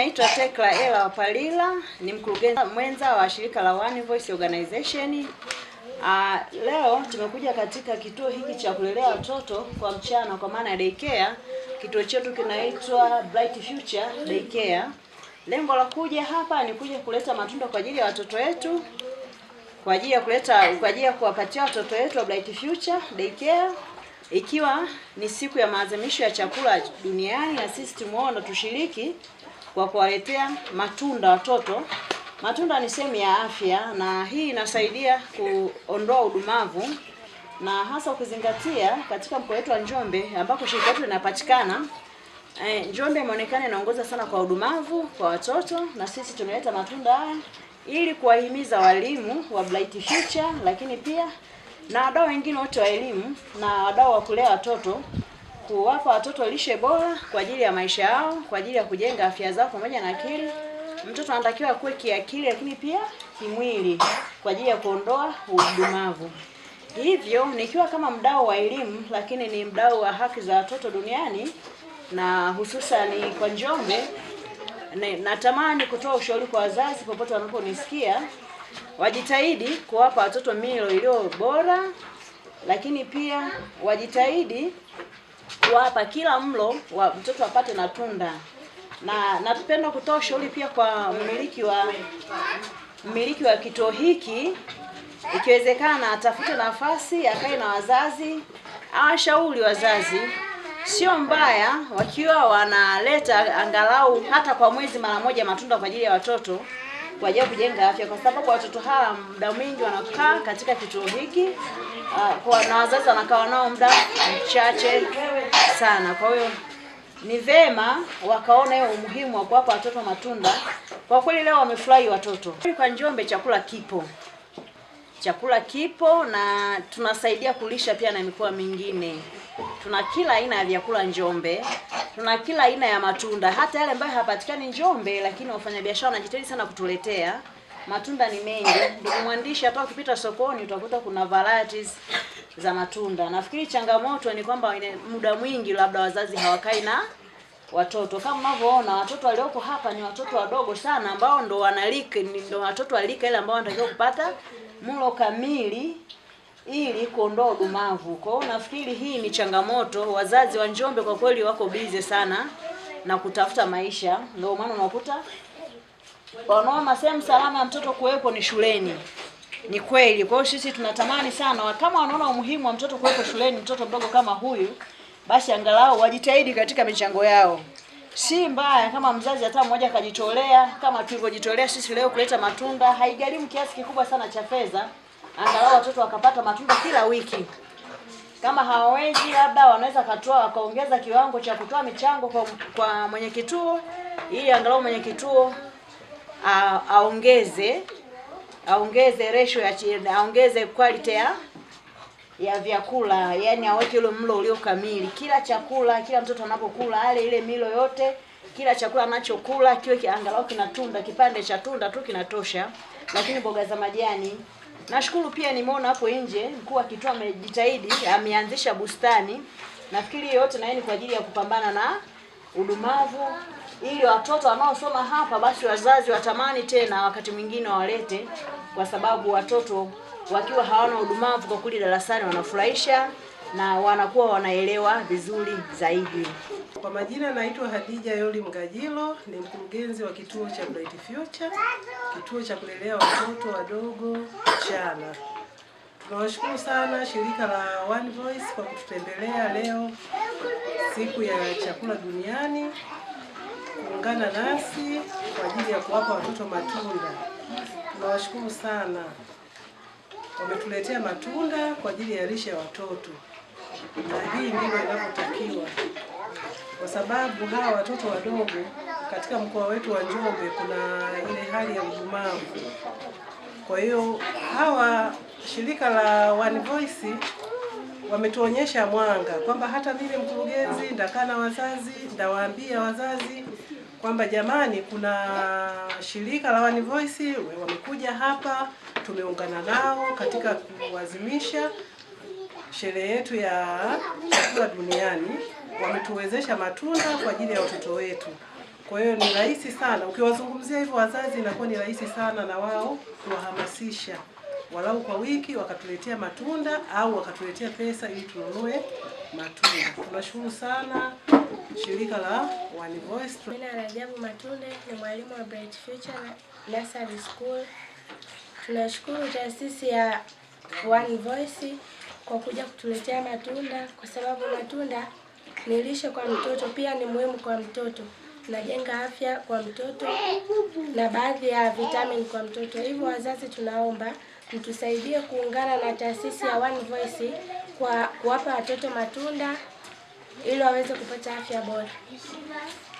Naitwa Tekla Ela Wapalila, ni mkurugenzi mwenza wa shirika la One Voice Organization. Uh, leo tumekuja katika kituo hiki cha kulelea watoto kwa mchana kwa maana ya daycare. Kituo chetu kinaitwa Bright Future Daycare. Lengo la kuja hapa ni kuja kuleta matunda kwa ajili ya watoto wetu, kwa ajili ya kuleta, kwa ajili ya kuwapatia watoto wetu wa Bright Future Daycare ikiwa ni siku ya maadhimisho ya chakula duniani na sisi tumeona tushiriki kwa kuwaletea matunda watoto. Matunda ni sehemu ya afya, na hii inasaidia kuondoa udumavu na hasa ukizingatia katika mkoa wetu wa Njombe ambako shirika letu linapatikana. Eh, Njombe imeonekana inaongoza sana kwa udumavu kwa watoto, na sisi tumeleta matunda haya ili kuwahimiza walimu wa Bright Future, lakini pia na wadau wengine wote wa elimu na wadau wa kulea watoto kuwapa watoto lishe bora kwa ajili ya maisha yao, kwa ajili ya kujenga afya zao pamoja na akili. Mtoto anatakiwa kuwe kiakili, lakini pia kimwili kwa ajili ya kuondoa udumavu. Hivyo nikiwa kama mdau wa elimu, lakini ni mdau wa haki za watoto duniani na hususani kwa Njombe, natamani kutoa ushauri kwa wazazi popote wanaponisikia, wajitahidi kuwapa watoto milo iliyo bora, lakini pia wajitahidi kuwapa kila mlo wa mtoto apate na tunda, na napenda kutoa ushauri pia kwa mmiliki wa mmiliki wa kituo hiki, ikiwezekana atafute nafasi akae na wazazi, awashauri wazazi sio mbaya wakiwa wanaleta angalau hata kwa mwezi mara moja matunda kwa ajili ya watoto kwa ajili ya kujenga afya, kwa sababu watoto hawa muda mwingi wanakaa katika kituo hiki ah, kwa na wazazi wanakaa nao muda mchache sana. Kwa hiyo ni vema wakaona hiyo umuhimu wa kuwapa watoto matunda. Kwa kweli leo wamefurahi watoto. Kwa Njombe chakula kipo, chakula kipo na tunasaidia kulisha pia na mikoa mingine. Tuna kila aina ya vyakula Njombe tuna kila aina ya matunda, hata yale ambayo hayapatikani Njombe, lakini wafanyabiashara wanajitahidi sana kutuletea matunda ni mengi. Ndugu mwandishi, hata ukipita sokoni utakuta kuna varieties za matunda. Nafikiri changamoto ni kwamba muda mwingi labda wazazi hawakai na watoto. Kama mnavyoona, watoto walioko hapa ni watoto wadogo sana, ambao ndo wanalika, ndo watoto walika ile ambao wanatakiwa kupata mlo kamili ili kuondoa udumavu. Kwa hiyo nafikiri hii ni changamoto, wazazi wa Njombe kwa kweli wako bize sana na kutafuta maisha, ndio maana unakuta wanaona sehemu salama ya mtoto kuwepo ni shuleni. Ni kweli. Kwa hiyo sisi tunatamani sana kama wanaona umuhimu wa mtoto kuwepo shuleni, mtoto mdogo kama huyu, basi angalau wajitahidi katika michango yao. Si mbaya kama mzazi hata mmoja akajitolea, kama tulivyojitolea sisi leo kuleta matunda, haigharimu kiasi kikubwa sana cha fedha angalau watoto wakapata matunda kila wiki. Kama hawawezi, labda wanaweza katoa wakaongeza kiwango cha kutoa michango kwa, kwa mwenye kituo ili angalau mwenye kituo aongeze aongeze ratio ya aongeze quality ya ya vyakula, yani aweke ule mlo ulio kamili. Kila chakula, kila mtoto anapokula ale ile milo yote, kila chakula anachokula kiwe angalau kina tunda, kipande cha tunda tu kinatosha, lakini mboga za majani Nashukuru pia nimeona hapo nje mkuu akitoa amejitahidi, ameanzisha bustani. Nafikiri yote na yeye ni kwa ajili ya kupambana na udumavu ili watoto wanaosoma hapa basi wazazi watamani tena wakati mwingine wawalete, kwa sababu watoto wakiwa hawana udumavu kwa kweli darasani wanafurahisha na wanakuwa wanaelewa vizuri zaidi. Kwa majina naitwa Hadija Yoli Mgajilo, ni mkurugenzi wa kituo cha Bright Future, kituo cha kulelea watoto wadogo chana. Tunawashukuru sana shirika la One Voice kwa kututembelea leo siku ya chakula duniani, kuungana nasi kwa ajili ya kuwapa watoto matunda. Tunawashukuru sana, wametuletea matunda kwa ajili ya lishe ya watoto, na hii ndivyo inavyotakiwa kwa sababu hawa watoto wadogo katika mkoa wetu wa Njombe kuna ile hali ya udumavu. Kwa hiyo hawa shirika la One Voice wametuonyesha mwanga kwamba hata mimi mkurugenzi ndakaa na wazazi, ndawaambia wazazi kwamba jamani, kuna shirika la One Voice wamekuja hapa, tumeungana nao katika kuwazimisha sherehe yetu ya chakula duniani wametuwezesha matunda kwa ajili ya watoto wetu. Kwa hiyo ni rahisi sana ukiwazungumzia hivyo wazazi, inakuwa ni rahisi sana na wao kuwahamasisha walau kwa wiki wakatuletea matunda au wakatuletea pesa ili tununue matunda. Tunashukuru sana shirika la One Voice. Mimi na Rajabu Matunde ni mwalimu wa Bright Future Nursery School. Tunashukuru taasisi ya One Voice kwa kuja kutuletea matunda kwa sababu matunda ni lishe kwa mtoto pia ni muhimu kwa mtoto, najenga afya kwa mtoto na baadhi ya vitamini kwa mtoto. Hivyo wazazi, tunaomba mtusaidie kuungana na taasisi ya One Voice kwa kuwapa watoto matunda ili waweze kupata afya bora.